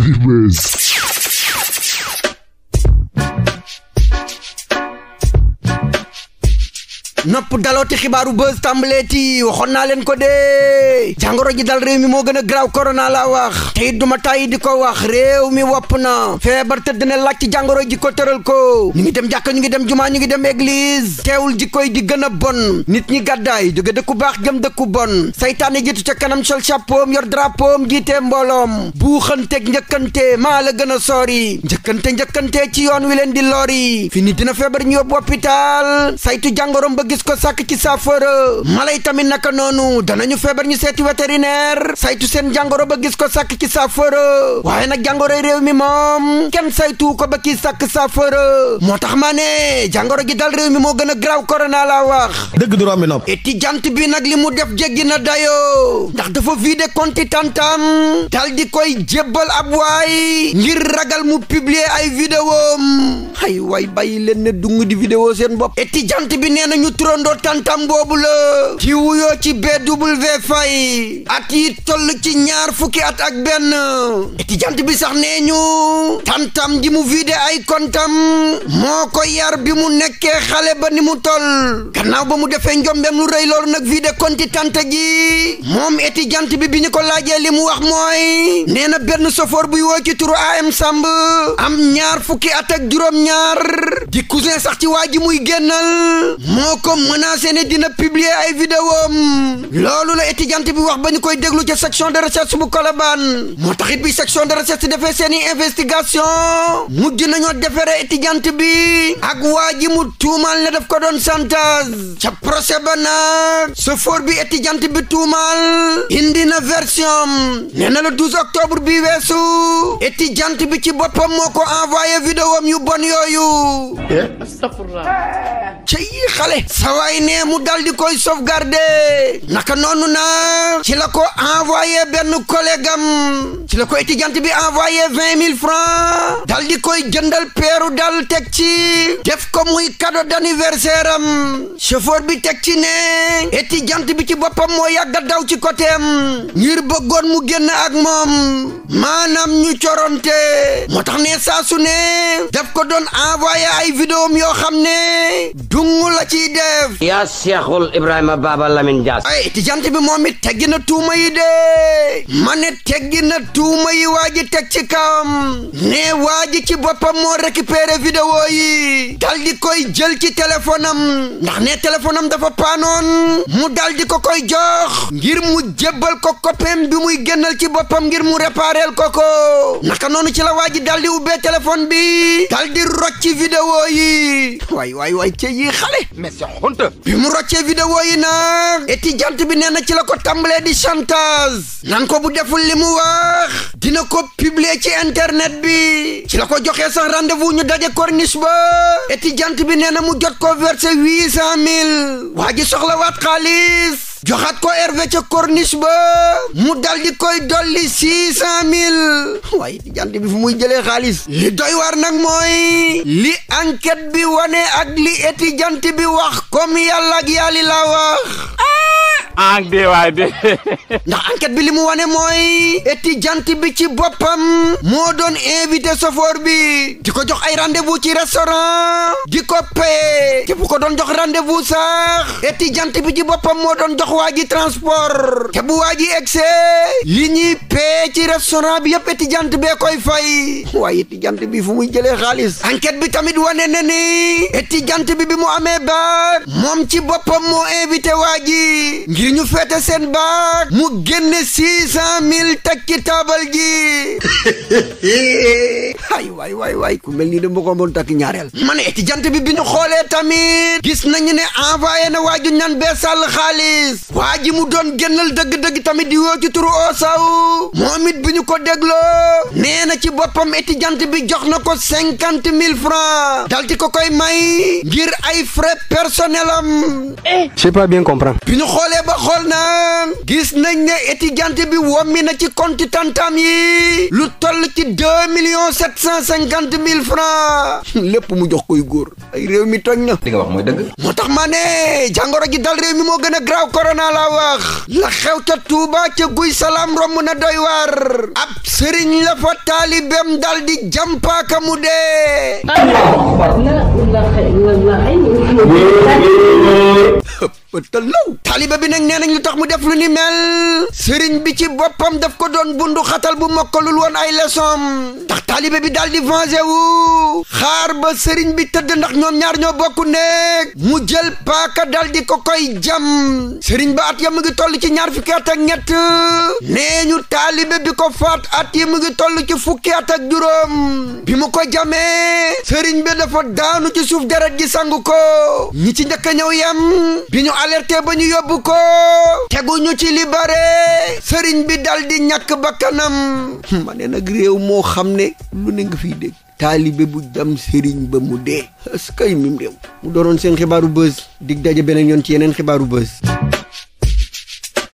Heavy Mess. nopp dalooti xibaaru buzz tàmbaleeti waxoon naa leen ko dee jangoro ji dal réew mi moo gën a graaw korona laa wax te it duma tàyyi di ko wax réew mi wopp na feebar tëdd na laaj ci jàngoro ji ko tëral ko ñu ngi dem jàkka ñu ngi dem jumaa ñu ngi dem église teewul ji koy di gën a bon nit ñi gàddaay jóge dëkku baax jëm dëkku bon saytaane jiitu ca kanam sol chapeau yor drapeau jiitee mbooloom buuxanteeg njëkkante maa la gën a soori njëkkante njëkkante ci yoon wi leen di lori fi nit dina feebar ñu yóbbu hôpital saytu jàngoroom bëgg gis ko sàkk ci saafara mala yi tamit naka noonu dana ñu feebar ñu seeti vétérinaire saytu seen jàngoro ba gis ko sàkk ci saafara waaye nag jàngoroy réew mi moom kenn saytu ko ba kii sàkk saafara moo tax ma ne jàngoro gi dal réew mi moo gën a graw korona la wax dëgg du rombi nopp eti jant bi nag li mu def jéggi na dayoo ndax dafa vidé compte tantam dal di koy jébbal ab waay ngir ragal mu publier ay vidéom ay waay bàyyi leen ne dung seen bopp eti bi nee na ñu turandoo tantam boobu la ci wuyoo ci BW Faye at yi toll ci ñaar fukki at ak benn étudiant bi sax nee ñu tantam ji mu vidé ay kontam moo ko yar bi mu nekkee xale ba ni mu toll gannaaw ba mu defee njombeem lu rëy loolu nag vidé konti tante gi moom étudiant bi bi ñu ko laajee li mu wax mooy nee na benn sofoor buy woo ci turu am Samb am ñaar fukki at ak juróom-ñaar di cousin sax ci waa ji muy génnal moo ko ko a ne dina publier ay vidéo loolu la étudiante bi wax ba ñu koy déglu ca section de recherche bu Colobane moo taxit bi section de recherche defee seeni investigation mujj nañoo defere étudiante bi ak waa ji mu tuumaal ne def ko doon chantage ca procès ba nag chauffeur bi étudiante bi tuumaal indi na version nee na le 12 octobre bi weesu étudiante bi ci boppam moo ko envoyé vidéo yu bon yooyu. astafurlah. xale. sawaay ne mu dal di koy sauvegarder naka noonu na ci la ko envoyé benn collègue am ci la ko étudiante bi envoyé vingt mille francs dal koy jëndal peeru dal teg ci def ko muy cadeau d'anniversaire am chauffeur bi teg ci ne étudiante bi ci boppam moo yàgga daw ci côté am ngir bëggoon mu génn ak moom maanaam ñu coronte moo tax ne saa ne daf ko doon envoyé ay vidéo yoo xam ne dungu la ciy def yaa seexul ibrahima baaba lamin jaas ay ti jant bi moom it teggi na tuuma yi de ma ne teggi na teg ci kam ne waa ji ci boppam moo récupéré vidéo yi koy jël ci téléphone am ndax ne téléphone am dafa paanoon mu dal di ko koy jox ngir mu jébbal ko copain bi muy génnal ci boppam ngir mu réparel ko ko naka noonu ci la waa ubbee téléphone bi dal rocci vidéo yi waay waay waay yi xale mais c'est honte bi mu roccee vidéo yi nag étudiante bi nee na ci la ko tàmbalee di chantage nan ko bu deful li mu wax dina ko publier ci internet bi ci la ko joxe sax rendez-vous ñu daje corniche ba étudiante bi nee na mu jot ko versé huit cent mille waa ji soxla waat xaalis joxaat ko Hervé ca corniche ba mu dal koy dolli six cent mille waaye jant bi fu muy jëlee xaalis li doy war nag mooy li enquête bi wane ak li étudiant bi wax comme yàlla ak yàlli la wax ah! ak ah, dee waay ndax enquête bi li mu wane mooy eti jant bi ci boppam moo doon invité sofoor bi di ko jox ay rendez-vous ci restaurant di ko paye te ko doon jox rendez-vous sax eti jant bi ci boppam moo doon jox waa ji transport te bu waa ji egsee ci restaurant bi yëpp eti jant bee koy fay waaye eti jant bi fu muy jëlee xaalis enquête bi tamit wane na ni eti jant bi bi mu amee baat moom ci boppam moo invité waa di ñu fete seen baat mu génne six cent mille takki taabal gi ay waay waay waay ku mel nii de moo ko mën takk ñaareel ma ne ci bi bi ñu xoolee tamit gis nañu ne envoyé na waaju ñaan bee sàll xaalis waa ji mu doon génnal dëgg-dëgg tamit di woo ci turu oo saw moom it bi ñu ko dégloo nee na ci boppam eti jant bi jox na ko cinquante mille francs dalti ko koy may ngir ay frais personnel am c'est eh. pas bien comprendre bi ñu xoolee ba xool naan gis nañ ne eti bi wommi na ci compte tantam yi lu toll ci deux millions cent mille lépp mu jox koy góor ay réew mi toj na wax mooy dëgg moo tax maa ne jàngoro ji dal réew mi moo gën a graaw korona laa wax la xew ca Tuuba guy salaam romb na doy waar ab sëriñ la fa taalibeem dal di jàmpaaka mu dee ëttalaw taaliba bi nag nee nañ lu tax mu def lu ni mel sëriñ bi ci boppam daf ko doon bundu xatal bu mokkalul woon ay leçon ndax taaliba bi daal di vengé wu ba sëriñ bi tëdd ndax ñoom ñaar ñoo bokk nekk mu jël paaka dal ko koy jam sëriñ ba at ya mu ngi toll ci ñaar fukki at ak ñett nee ñu taaliba bi ko faat at yi mu ngi toll ci fukki at ak juróom bi mu ko jamee sëriñ bi dafa daanu ci suuf deret ji sangu ko ñi ci njëkk a bi ñu alerté ba ñu yóbbu ko teguñu ci li bare sëriñ bi dal di ñàkk bakkanam ma ne réew moo xam ne lu ne nga fiy dégg taalibe bu jam sëriñ ba mu dee askay mim réew mu doonoon seen xibaaru buzz dig daje beneen yoon ci yeneen xibaaru buzz